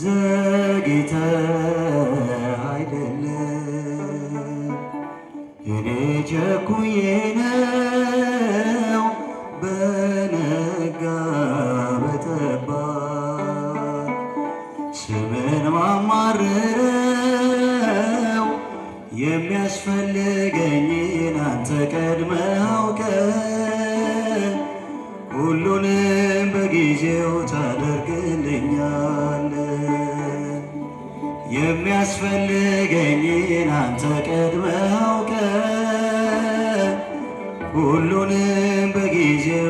ዘግይተ አይደለም እኔ ቸኩዬ ነው በነጋ በጠባ ስምን ማማርረው የሚያስፈልገኝ አንተ ቀድመህ አውቀህ ሁሉንም በጊዜው ታደ የሚያስፈልገኝን አንተ ቀድመህ አውቀህ ሁሉንም በጊዜው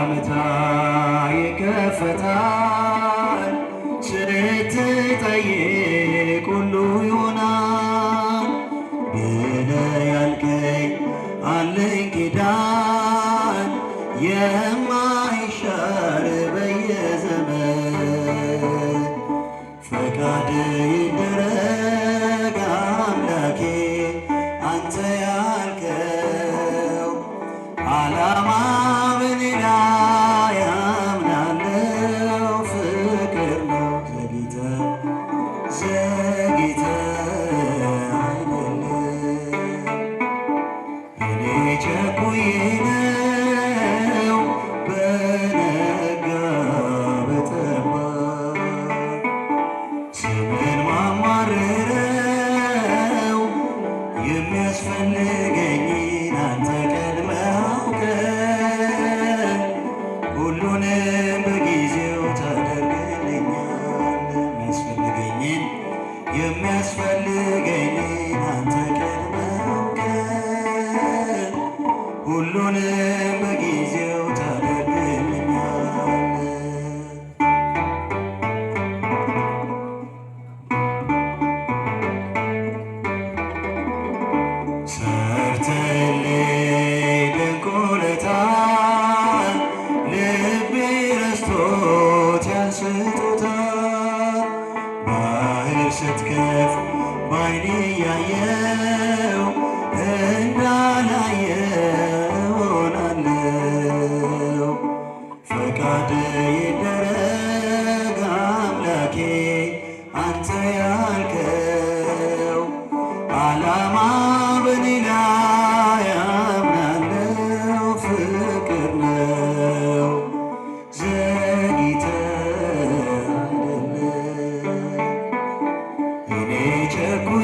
አመታ ይከፈታል ስትጠይቅ ሁሉ ይሆናል ብለህ ያልከኝ አለኝ ኪዳን የማይሻር በየዘመን ፈቃድ ይደረግ አምላኬ አንተ ያልከው አላማ gece bu yine ሁሉንም በጊዜው ታደርግልኛለህ ሰርተህልኝ ስትከፍ ባይኔ ያየ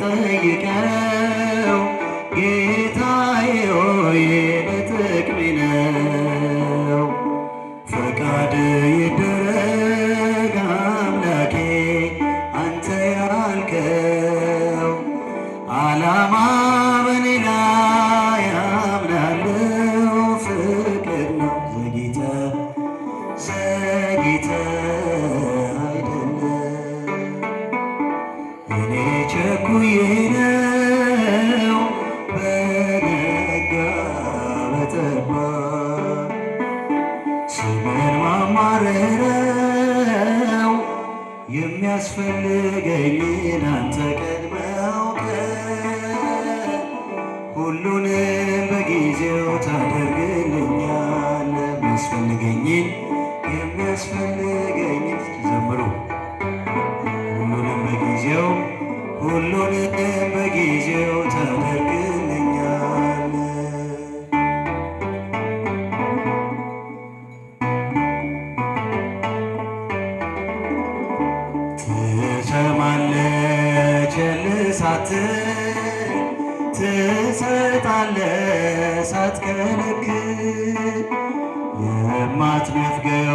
再也看。ነው በነጋ በጠባ ስምህን የሚያስፈልገኝ ብርታት ትሰጣለህ ሳትከለክል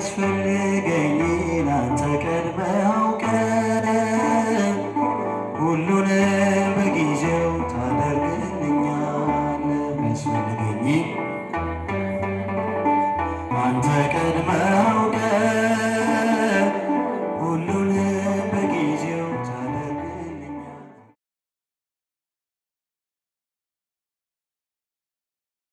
feliz.